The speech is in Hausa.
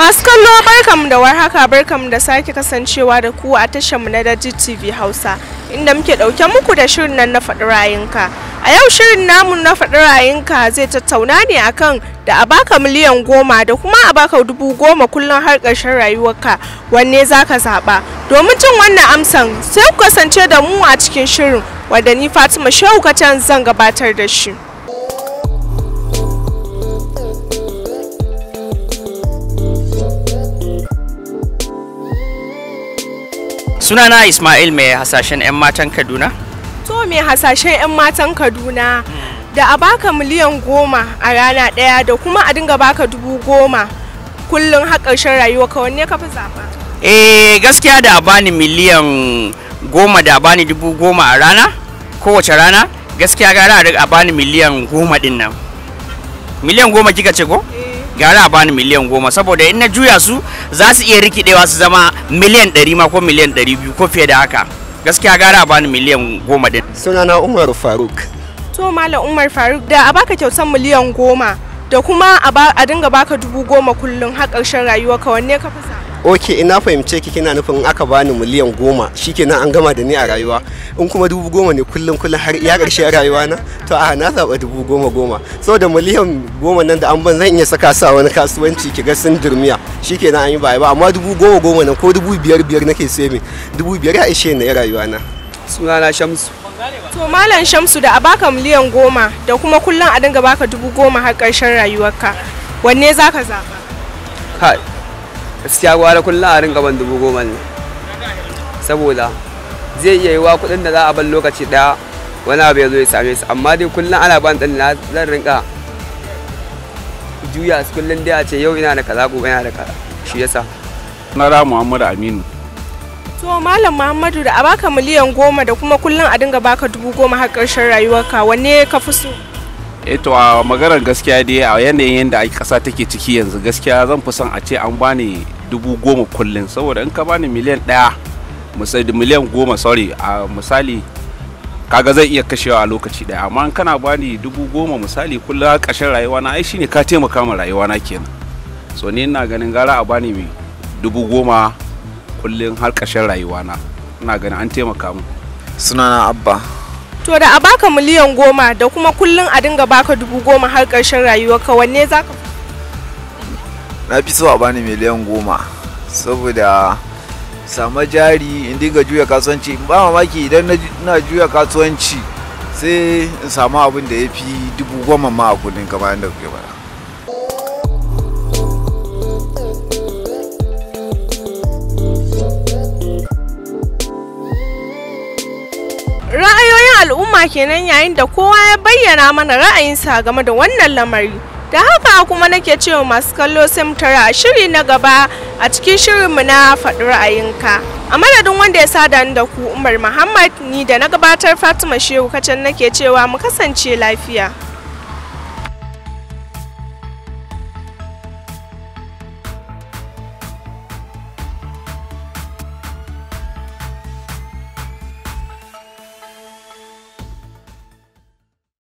Masu kallo barkamu da warhaka barkamu da sake kasancewa da ku a mu na Daji TV Hausa inda muke ɗauke muku da shirin nan na faɗi rayinka. A yau shirin namu na faɗi rayinka zai tattauna ne akan da a baka miliyan goma da kuma a baka dubu goma kullum har ƙarshen rayuwarka wanne za ka zaɓa. Domin jin wannan amsan sai ku kasance da mu a cikin shirin wadda ni Fatima Shehu Katan zan gabatar da shi. sunana ismail mai hasashen 'yan matan kaduna to mai hasashen 'yan matan kaduna da a baka miliyan goma a rana daya da kuma a dinga baka dubu goma kullum har ƙarshen rayuwa ka wanne ka fi zaba? eh gaskiya da a bani miliyan goma da a bani dubu goma a rana kowace rana gaskiya gara a bani miliyan goma din nan miliyan goma kika ce ko? Eh. gyara bani miliyan goma saboda in na juya su za su iya rikidewa su zama miliyan ɗari ma ko miliyan ɗari biyu ko fiye da haka gaskiya gara bani miliyan goma din sunana umar faruk to malam umar faruk da a baka kyautar miliyan goma da kuma a dinga baka dubu goma kullum har ƙarshen ka wanne ka fi ok ina fahimce ki kina nufin aka bani miliyan goma shikenan an gama da ni a rayuwa in kuma dubu goma ne kullum kullum har iya karshe rayuwa na to a na zaba dubu goma goma saboda miliyan goma nan da an ban zan iya saka sa wani kasuwanci ki ga sun durmiya shikenan an yi baya ba amma dubu goma goma nan ko dubu biyar biyar nake sai dubu biyar ya ishe na rayuwa na sunana shamsu to malam shamsu da a baka miliyan goma da kuma kullum a dinga baka dubu goma har karshen rayuwarka wanne zaka zaba gaskiya gwara kullum a ringa ban dubu goma ne saboda zai iya yiwa kudin da za a ban lokaci daya wani abu ya zo ya same su amma dai kullum ana ban ɗin na zan ringa juya su kullum dai a ce yau ina da kaza gobe ina da kaza shi yasa na ra muhammadu aminu to malam muhammadu da a baka miliyan goma da kuma kullum a dinga baka dubu goma har ƙarshen rayuwarka wanne ka fi so eto eh, a maganar gaskiya dai a yanayin yadda ƙasa take ciki yanzu gaskiya zan fi son a ce an bani dubu goma kullum saboda in ka bani miliyan ɗaya miliyan goma sorry a misali kaga zai iya kashewa a lokaci ɗaya amma in kana bani dubu goma misali kullum ƙarshen rayuwa na ai shine ka taimaka ma rayuwa na kenan so ni ina ganin gara a bani mai dubu goma kullum har ƙarshen rayuwa na ina ganin an taimaka mu sunana abba to da a baka miliyan goma da kuma kullum a dinga baka dubu goma har ƙarshen rayuwarka wanne za ka na fi so a bani miliyan goma saboda sama jari in dinga juya kasuwanci ba mamaki idan na juya kasuwanci sai in samu abin da ya fi dubu goma ma a kudin kamar yadda kuke bada al'umma kenan yayin da kowa ya bayyana mana ra'ayinsa game da wannan lamari da haka kuma nake cewa masu kallo sai mu tara a shiri na gaba a cikin shirinmu na faɗi ra'ayinka a madadin wanda ya sada ni da ku umar muhammad ni da na gabatar fatima shehu kacan nake cewa mu kasance lafiya